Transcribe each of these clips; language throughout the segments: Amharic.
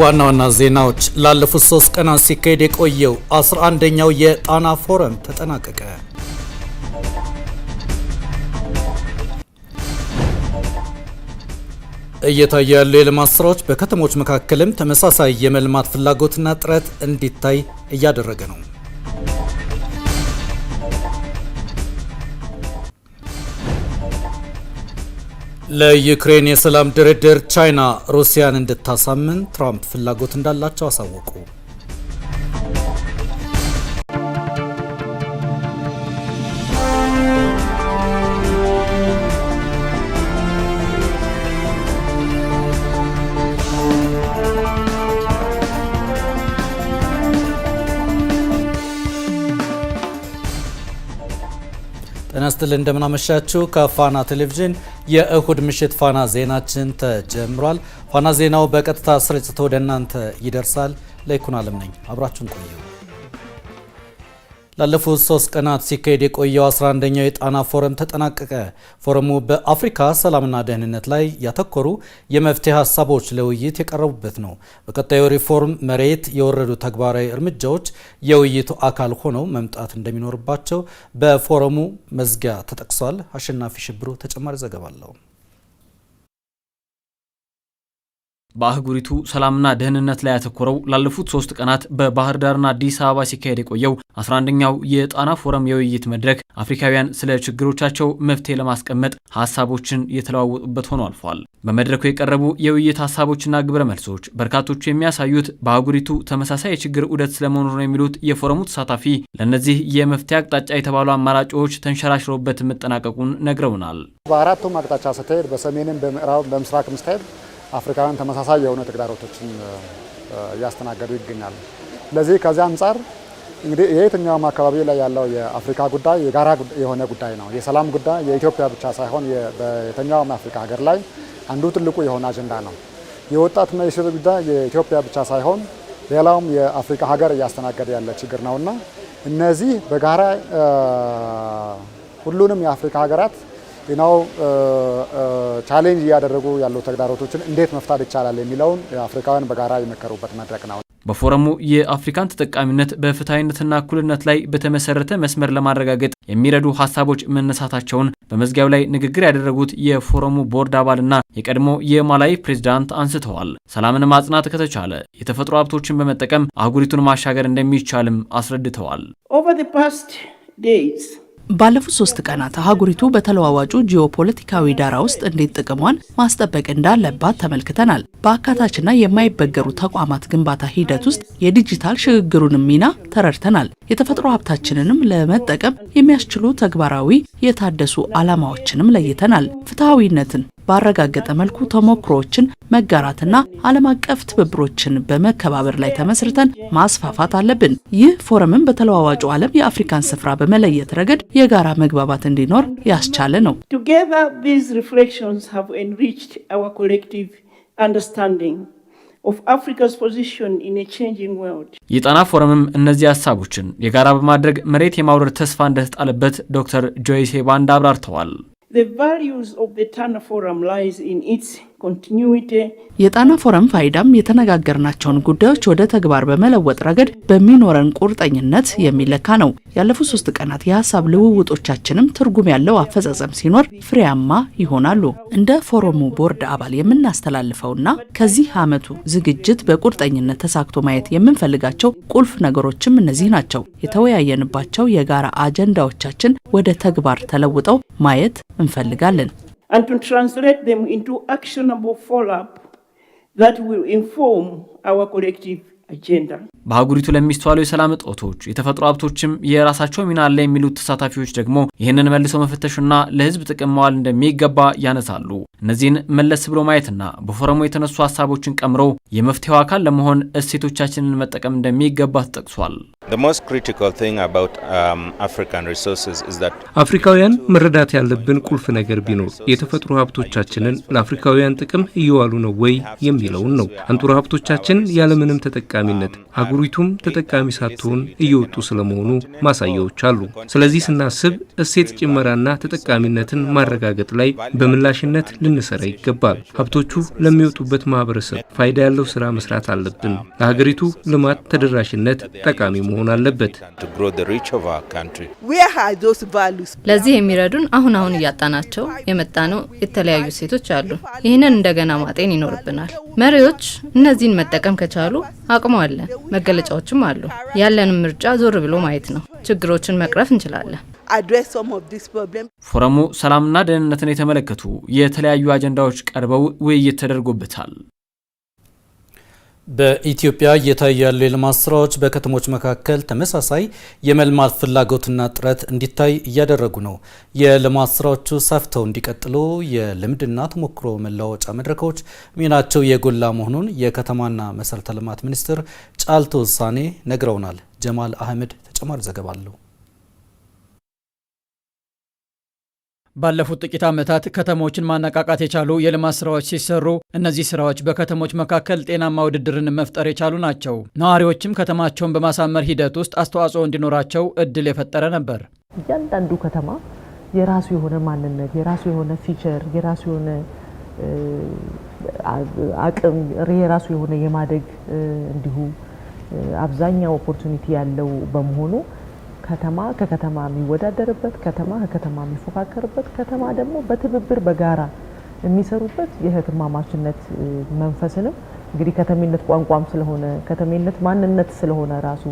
ዋና ዋና ዜናዎች ላለፉት ሶስት ቀናት ሲካሄድ የቆየው 11ኛው የጣና ፎረም ተጠናቀቀ። እየታየ ያሉ የልማት ስራዎች በከተሞች መካከልም ተመሳሳይ የመልማት ፍላጎትና ጥረት እንዲታይ እያደረገ ነው። ለዩክሬን የሰላም ድርድር ቻይና ሩሲያን እንድታሳምን ትራምፕ ፍላጎት እንዳላቸው አሳወቁ። ጤና ይስጥልኝ እንደምናመሻችሁ። ከፋና ቴሌቪዥን የእሁድ ምሽት ፋና ዜናችን ተጀምሯል። ፋና ዜናው በቀጥታ ስርጭት ወደ እናንተ ይደርሳል። ለይኩን አለም ነኝ። አብራችሁን ቆየው። ላለፉት ሶስት ቀናት ሲካሄድ የቆየው 11ኛው የጣና ፎረም ተጠናቀቀ። ፎረሙ በአፍሪካ ሰላምና ደህንነት ላይ ያተኮሩ የመፍትሄ ሀሳቦች ለውይይት የቀረቡበት ነው። በቀጣዩ ሪፎርም መሬት የወረዱ ተግባራዊ እርምጃዎች የውይይቱ አካል ሆነው መምጣት እንደሚኖርባቸው በፎረሙ መዝጊያ ተጠቅሷል። አሸናፊ ሽብሩ ተጨማሪ ዘገባ አለው። በአህጉሪቱ ሰላምና ደህንነት ላይ ያተኮረው ላለፉት ሶስት ቀናት በባህር ዳርና አዲስ አበባ ሲካሄድ የቆየው 11ኛው የጣና ፎረም የውይይት መድረክ አፍሪካውያን ስለ ችግሮቻቸው መፍትሄ ለማስቀመጥ ሀሳቦችን የተለዋወጡበት ሆኖ አልፏል። በመድረኩ የቀረቡ የውይይት ሀሳቦችና ግብረ መልሶች በርካቶቹ የሚያሳዩት በአህጉሪቱ ተመሳሳይ የችግር ዑደት ስለመኖር ነው የሚሉት የፎረሙ ተሳታፊ፣ ለእነዚህ የመፍትሄ አቅጣጫ የተባሉ አማራጮች ተንሸራሽረውበት መጠናቀቁን ነግረውናል። በአራቱም አቅጣጫ ስትሄድ በሰሜንም በምዕራብ በምስራቅ ምስታሄድ አፍሪካውያን ተመሳሳይ የሆነ ተግዳሮቶችን እያስተናገዱ ይገኛሉ። ስለዚህ ከዚህ አንጻር እንግዲህ የየትኛውም አካባቢ ላይ ያለው የአፍሪካ ጉዳይ የጋራ የሆነ ጉዳይ ነው። የሰላም ጉዳይ የኢትዮጵያ ብቻ ሳይሆን በየትኛውም አፍሪካ ሀገር ላይ አንዱ ትልቁ የሆነ አጀንዳ ነው። የወጣትና የሴቶች ጉዳይ የኢትዮጵያ ብቻ ሳይሆን ሌላውም የአፍሪካ ሀገር እያስተናገደ ያለ ችግር ነውና እነዚህ በጋራ ሁሉንም የአፍሪካ ሀገራት ው ቻሌንጅ እያደረጉ ያሉ ተግዳሮቶችን እንዴት መፍታት ይቻላል የሚለውን አፍሪካውያን በጋራ የመከሩበት መድረክ ነው። በፎረሙ የአፍሪካን ተጠቃሚነት በፍትሐዊነትና እኩልነት ላይ በተመሰረተ መስመር ለማረጋገጥ የሚረዱ ሀሳቦች መነሳታቸውን በመዝጊያው ላይ ንግግር ያደረጉት የፎረሙ ቦርድ አባልና የቀድሞ የማላዊ ፕሬዚዳንት አንስተዋል። ሰላምን ማጽናት ከተቻለ የተፈጥሮ ሀብቶችን በመጠቀም አህጉሪቱን ማሻገር እንደሚቻልም አስረድተዋል። ባለፉት ሶስት ቀናት ሀጉሪቱ በተለዋዋጩ ጂኦፖለቲካዊ ዳራ ውስጥ እንዴት ጥቅሟን ማስጠበቅ እንዳለባት ተመልክተናል። በአካታችና የማይበገሩ ተቋማት ግንባታ ሂደት ውስጥ የዲጂታል ሽግግሩንም ሚና ተረድተናል። የተፈጥሮ ሀብታችንንም ለመጠቀም የሚያስችሉ ተግባራዊ የታደሱ ዓላማዎችንም ለይተናል። ፍትሐዊነትን ባረጋገጠ መልኩ ተሞክሮዎችን መጋራትና ዓለም አቀፍ ትብብሮችን በመከባበር ላይ ተመስርተን ማስፋፋት አለብን። ይህ ፎረምም በተለዋዋጩ ዓለም የአፍሪካን ስፍራ በመለየት ረገድ የጋራ መግባባት እንዲኖር ያስቻለ ነው። የጣና ፎረምም እነዚህ ሀሳቦችን የጋራ በማድረግ መሬት የማውረድ ተስፋ እንደተጣለበት ዶክተር ጆይሴ ባንድ አብራርተዋል። የጣና ፎረም ፋይዳም የተነጋገርናቸውን ጉዳዮች ወደ ተግባር በመለወጥ ረገድ በሚኖረን ቁርጠኝነት የሚለካ ነው። ያለፉት ሶስት ቀናት የሀሳብ ልውውጦቻችንም ትርጉም ያለው አፈጻጸም ሲኖር ፍሬያማ ይሆናሉ። እንደ ፎረሙ ቦርድ አባል የምናስተላልፈውና ከዚህ ዓመቱ ዝግጅት በቁርጠኝነት ተሳክቶ ማየት የምንፈልጋቸው ቁልፍ ነገሮችም እነዚህ ናቸው። የተወያየንባቸው የጋራ አጀንዳዎቻችን ወደ ተግባር ተለውጠው ማየት እንፈልጋለን። and to translate them into actionable follow-up that will inform our collective በአህጉሪቱ ለሚስተዋሉ የሰላም እጦቶች የተፈጥሮ ሀብቶችም የራሳቸው ሚና አለ የሚሉት ተሳታፊዎች ደግሞ ይህንን መልሶ መፈተሽና ለህዝብ ጥቅም መዋል እንደሚገባ ያነሳሉ። እነዚህን መለስ ብሎ ማየትና በፎረሙ የተነሱ ሀሳቦችን ቀምሮ የመፍትሄው አካል ለመሆን እሴቶቻችንን መጠቀም እንደሚገባ ተጠቅሷል። um, አፍሪካውያን መረዳት ያለብን ቁልፍ ነገር ቢኖር የተፈጥሮ ሀብቶቻችንን ለአፍሪካውያን ጥቅም እየዋሉ ነው ወይ የሚለውን ነው። አንጡራ ሀብቶቻችን ያለምንም ተጠቀ ተጠቃሚነት አህጉሪቱም ተጠቃሚ ሳትሆን እየወጡ ስለመሆኑ ማሳያዎች አሉ። ስለዚህ ስናስብ እሴት ጭመራና ተጠቃሚነትን ማረጋገጥ ላይ በምላሽነት ልንሰራ ይገባል። ሀብቶቹ ለሚወጡበት ማህበረሰብ ፋይዳ ያለው ስራ መስራት አለብን። ለሀገሪቱ ልማት ተደራሽነት ጠቃሚ መሆን አለበት። ለዚህ የሚረዱን አሁን አሁን እያጣናቸው ነው የተለያዩ እሴቶች አሉ። ይህንን እንደገና ማጤን ይኖርብናል። መሪዎች እነዚህን መጠቀም ከቻሉ አቅሙ አለ፣ መገለጫዎችም አሉ። ያለንም ምርጫ ዞር ብሎ ማየት ነው። ችግሮችን መቅረፍ እንችላለን። ፎረሙ ሰላምና ደህንነትን የተመለከቱ የተለያዩ አጀንዳዎች ቀርበው ውይይት ተደርጎበታል። በኢትዮጵያ እየታዩ ያሉ የልማት ስራዎች በከተሞች መካከል ተመሳሳይ የመልማት ፍላጎትና ጥረት እንዲታይ እያደረጉ ነው። የልማት ስራዎቹ ሰፍተው እንዲቀጥሉ የልምድና ተሞክሮ መለዋወጫ መድረኮች ሚናቸው የጎላ መሆኑን የከተማና መሰረተ ልማት ሚኒስትር ጫልቱ ውሳኔ ነግረውናል። ጀማል አህመድ ተጨማሪ ዘገባ አለው። ባለፉት ጥቂት ዓመታት ከተሞችን ማነቃቃት የቻሉ የልማት ስራዎች ሲሰሩ እነዚህ ስራዎች በከተሞች መካከል ጤናማ ውድድርን መፍጠር የቻሉ ናቸው። ነዋሪዎችም ከተማቸውን በማሳመር ሂደት ውስጥ አስተዋጽኦ እንዲኖራቸው እድል የፈጠረ ነበር። እያንዳንዱ ከተማ የራሱ የሆነ ማንነት፣ የራሱ የሆነ ፊቸር፣ የራሱ የሆነ አቅም፣ የራሱ የሆነ የማደግ እንዲሁ አብዛኛው ኦፖርቹኒቲ ያለው በመሆኑ ከተማ ከከተማ የሚወዳደርበት፣ ከተማ ከከተማ የሚፎካከርበት፣ ከተማ ደግሞ በትብብር በጋራ የሚሰሩበት የእህትማማችነት መንፈስንም እንግዲህ ከተሜነት ቋንቋም ስለሆነ ከተሜነት ማንነት ስለሆነ ራሱ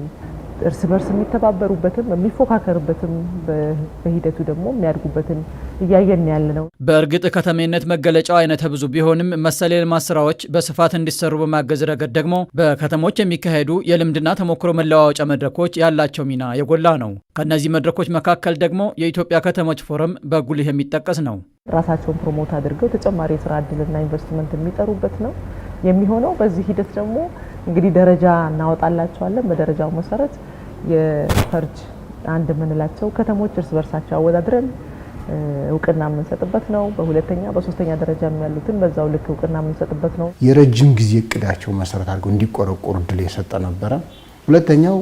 እርስ በርስ የሚተባበሩበትም የሚፎካከሩበትም በሂደቱ ደግሞ የሚያድጉበትን እያየን ያለ ነው። በእርግጥ ከተሜነት መገለጫው አይነተ ብዙ ቢሆንም መሰል የልማት ስራዎች በስፋት እንዲሰሩ በማገዝ ረገድ ደግሞ በከተሞች የሚካሄዱ የልምድና ተሞክሮ መለዋወጫ መድረኮች ያላቸው ሚና የጎላ ነው። ከእነዚህ መድረኮች መካከል ደግሞ የኢትዮጵያ ከተሞች ፎረም በጉልህ የሚጠቀስ ነው። ራሳቸውን ፕሮሞት አድርገው ተጨማሪ የስራ እድልና ኢንቨስትመንት የሚጠሩበት ነው የሚሆነው። በዚህ ሂደት ደግሞ እንግዲህ ደረጃ እናወጣላቸዋለን። በደረጃው መሰረት የፈርጅ አንድ የምንላቸው ከተሞች እርስ በርሳቸው አወዳድረን እውቅና የምንሰጥበት ነው። በሁለተኛ በሶስተኛ ደረጃ ያሉትን በዛው ልክ እውቅና የምንሰጥበት ነው። የረጅም ጊዜ እቅዳቸው መሰረት አድርገው እንዲቆረቆሩ እድል የሰጠ ነበረ። ሁለተኛው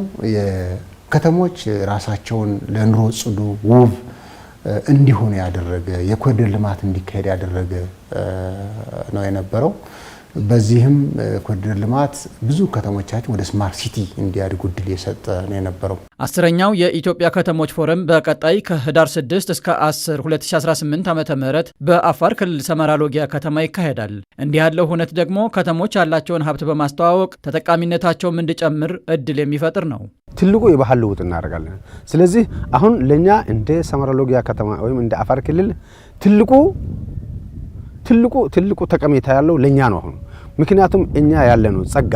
ከተሞች ራሳቸውን ለኑሮ ጽዱ፣ ውብ እንዲሆኑ ያደረገ የኮሪደር ልማት እንዲካሄድ ያደረገ ነው የነበረው። በዚህም ኮሪደር ልማት ብዙ ከተሞቻችን ወደ ስማርት ሲቲ እንዲያድጉ እድል የሰጠ ነው የነበረው። አስረኛው የኢትዮጵያ ከተሞች ፎረም በቀጣይ ከህዳር 6 እስከ 10 2018 ዓ ም በአፋር ክልል ሰመራ ሎጊያ ከተማ ይካሄዳል። እንዲህ ያለው ሁነት ደግሞ ከተሞች ያላቸውን ሀብት በማስተዋወቅ ተጠቃሚነታቸውም እንዲጨምር እድል የሚፈጥር ነው። ትልቁ የባህል ልውጥ እናደርጋለን። ስለዚህ አሁን ለእኛ እንደ ሰመራ ሎጊያ ከተማ ወይም እንደ አፋር ክልል ትልቁ ትልቁ ትልቁ ጠቀሜታ ያለው ለእኛ ነው አሁን። ምክንያቱም እኛ ያለነው ጸጋ፣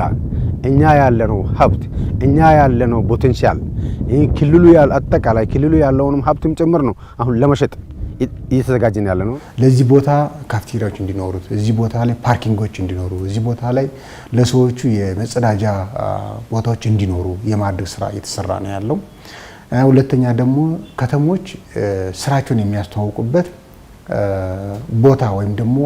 እኛ ያለነው ሀብት፣ እኛ ያለነው ፖቴንሻል ክልሉ አጠቃላይ ክልሉ ያለውንም ሀብትም ጭምር ነው አሁን ለመሸጥ እየተዘጋጀን ያለ ነው። ለዚህ ቦታ ካፍቴሪያዎች እንዲኖሩት፣ እዚህ ቦታ ላይ ፓርኪንጎች እንዲኖሩ፣ እዚህ ቦታ ላይ ለሰዎቹ የመጸዳጃ ቦታዎች እንዲኖሩ የማድረግ ስራ እየተሰራ ነው ያለው። ሁለተኛ ደግሞ ከተሞች ስራቸውን የሚያስተዋውቁበት ቦታ ወይም ደግሞ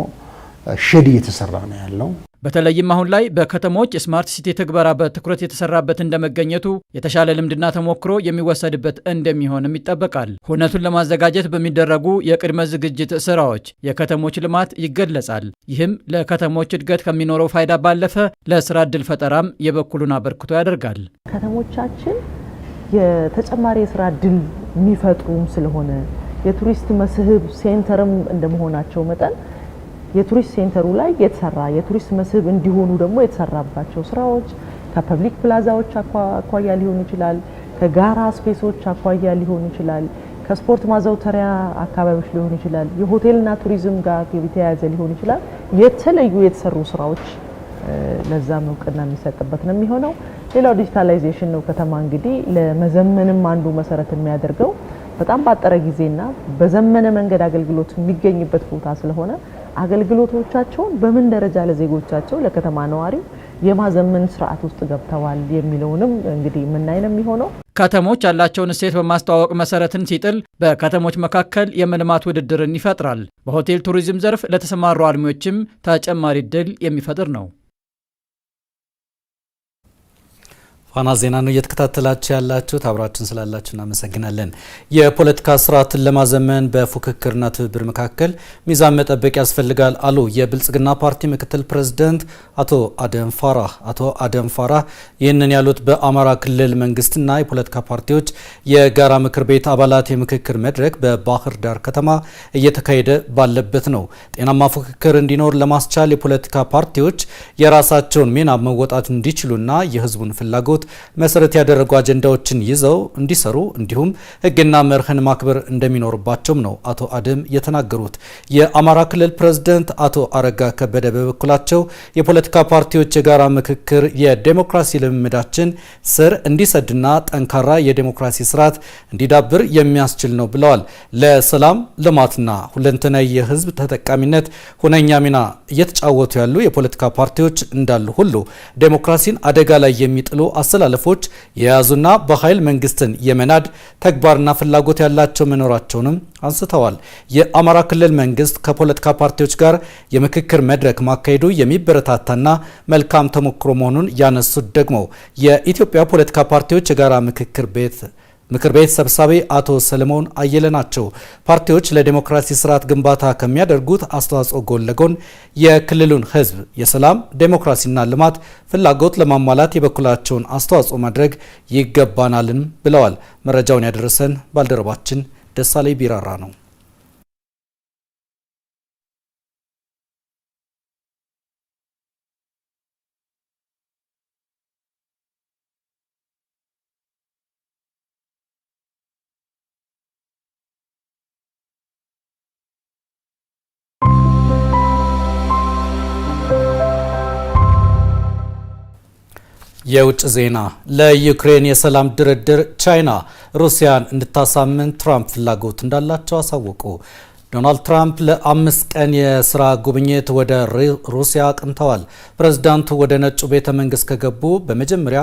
ሼድ እየተሰራ ነው ያለው። በተለይም አሁን ላይ በከተሞች ስማርት ሲቲ ትግበራ በትኩረት የተሰራበት እንደመገኘቱ የተሻለ ልምድና ተሞክሮ የሚወሰድበት እንደሚሆንም ይጠበቃል። ሁነቱን ለማዘጋጀት በሚደረጉ የቅድመ ዝግጅት ስራዎች የከተሞች ልማት ይገለጻል። ይህም ለከተሞች እድገት ከሚኖረው ፋይዳ ባለፈ ለስራ እድል ፈጠራም የበኩሉን አበርክቶ ያደርጋል። ከተሞቻችን የተጨማሪ የስራ እድል የሚፈጥሩም ስለሆነ የቱሪስት መስህብ ሴንተርም እንደመሆናቸው መጠን የቱሪስት ሴንተሩ ላይ የተሰራ የቱሪስት መስህብ እንዲሆኑ ደግሞ የተሰራባቸው ስራዎች ከፐብሊክ ፕላዛዎች አኳያ ሊሆን ይችላል፣ ከጋራ ስፔሶች አኳያ ሊሆን ይችላል፣ ከስፖርት ማዘውተሪያ አካባቢዎች ሊሆን ይችላል፣ የሆቴልና ቱሪዝም ጋር የተያያዘ ሊሆን ይችላል። የተለዩ የተሰሩ ስራዎች ለዛም እውቅና የሚሰጥበት ነው የሚሆነው። ሌላው ዲጂታላይዜሽን ነው። ከተማ እንግዲህ ለመዘመንም አንዱ መሰረት የሚያደርገው በጣም ባጠረ ጊዜና በዘመነ መንገድ አገልግሎት የሚገኝበት ቦታ ስለሆነ አገልግሎቶቻቸውን በምን ደረጃ ለዜጎቻቸው ለከተማ ነዋሪው የማዘመን ስርዓት ውስጥ ገብተዋል የሚለውንም እንግዲህ የምናይ ነው የሚሆነው። ከተሞች ያላቸውን እሴት በማስተዋወቅ መሰረትን ሲጥል በከተሞች መካከል የመልማት ውድድርን ይፈጥራል። በሆቴል ቱሪዝም ዘርፍ ለተሰማሩ አልሚዎችም ተጨማሪ እድል የሚፈጥር ነው። ፋና ዜና ነው እየተከታተላችሁ ያላችሁት። አብራችን ስላላችሁ እናመሰግናለን። የፖለቲካ ስርዓትን ለማዘመን በፉክክርና ትብብር መካከል ሚዛን መጠበቅ ያስፈልጋል አሉ የብልጽግና ፓርቲ ምክትል ፕሬዝደንት አቶ አደም ፋራህ። አቶ አደም ፋራህ ይህንን ያሉት በአማራ ክልል መንግስትና የፖለቲካ ፓርቲዎች የጋራ ምክር ቤት አባላት የምክክር መድረክ በባህር ዳር ከተማ እየተካሄደ ባለበት ነው። ጤናማ ፉክክር እንዲኖር ለማስቻል የፖለቲካ ፓርቲዎች የራሳቸውን ሚና መወጣት እንዲችሉና የህዝቡን ፍላጎት ፍላጎት መሰረት ያደረጉ አጀንዳዎችን ይዘው እንዲሰሩ እንዲሁም ህግና መርህን ማክበር እንደሚኖርባቸውም ነው አቶ አደም የተናገሩት። የአማራ ክልል ፕሬዝደንት አቶ አረጋ ከበደ በበኩላቸው የፖለቲካ ፓርቲዎች የጋራ ምክክር የዴሞክራሲ ልምምዳችን ስር እንዲሰድና ጠንካራ የዴሞክራሲ ስርዓት እንዲዳብር የሚያስችል ነው ብለዋል። ለሰላም ልማትና ሁለንተናዊ የህዝብ ተጠቃሚነት ሁነኛ ሚና እየተጫወቱ ያሉ የፖለቲካ ፓርቲዎች እንዳሉ ሁሉ ዴሞክራሲን አደጋ ላይ የሚጥሉ ማስተላለፎች የያዙና በኃይል መንግስትን የመናድ ተግባርና ፍላጎት ያላቸው መኖራቸውንም አንስተዋል። የአማራ ክልል መንግስት ከፖለቲካ ፓርቲዎች ጋር የምክክር መድረክ ማካሄዱ የሚበረታታና መልካም ተሞክሮ መሆኑን ያነሱት ደግሞ የኢትዮጵያ ፖለቲካ ፓርቲዎች የጋራ ምክክር ቤት ምክር ቤት ሰብሳቢ አቶ ሰለሞን አየለ ናቸው። ፓርቲዎች ለዲሞክራሲ ስርዓት ግንባታ ከሚያደርጉት አስተዋጽኦ ጎን ለጎን የክልሉን ህዝብ የሰላም ዴሞክራሲና ልማት ፍላጎት ለማሟላት የበኩላቸውን አስተዋጽኦ ማድረግ ይገባናልም ብለዋል። መረጃውን ያደረሰን ባልደረባችን ደሳለኝ ቢራራ ነው። የውጭ ዜና ለዩክሬን የሰላም ድርድር ቻይና ሩሲያን እንድታሳምን ትራምፕ ፍላጎት እንዳላቸው አሳወቁ። ዶናልድ ትራምፕ ለአምስት ቀን የስራ ጉብኝት ወደ ሩሲያ አቅንተዋል። ፕሬዝዳንቱ ወደ ነጩ ቤተ መንግስት ከገቡ በመጀመሪያ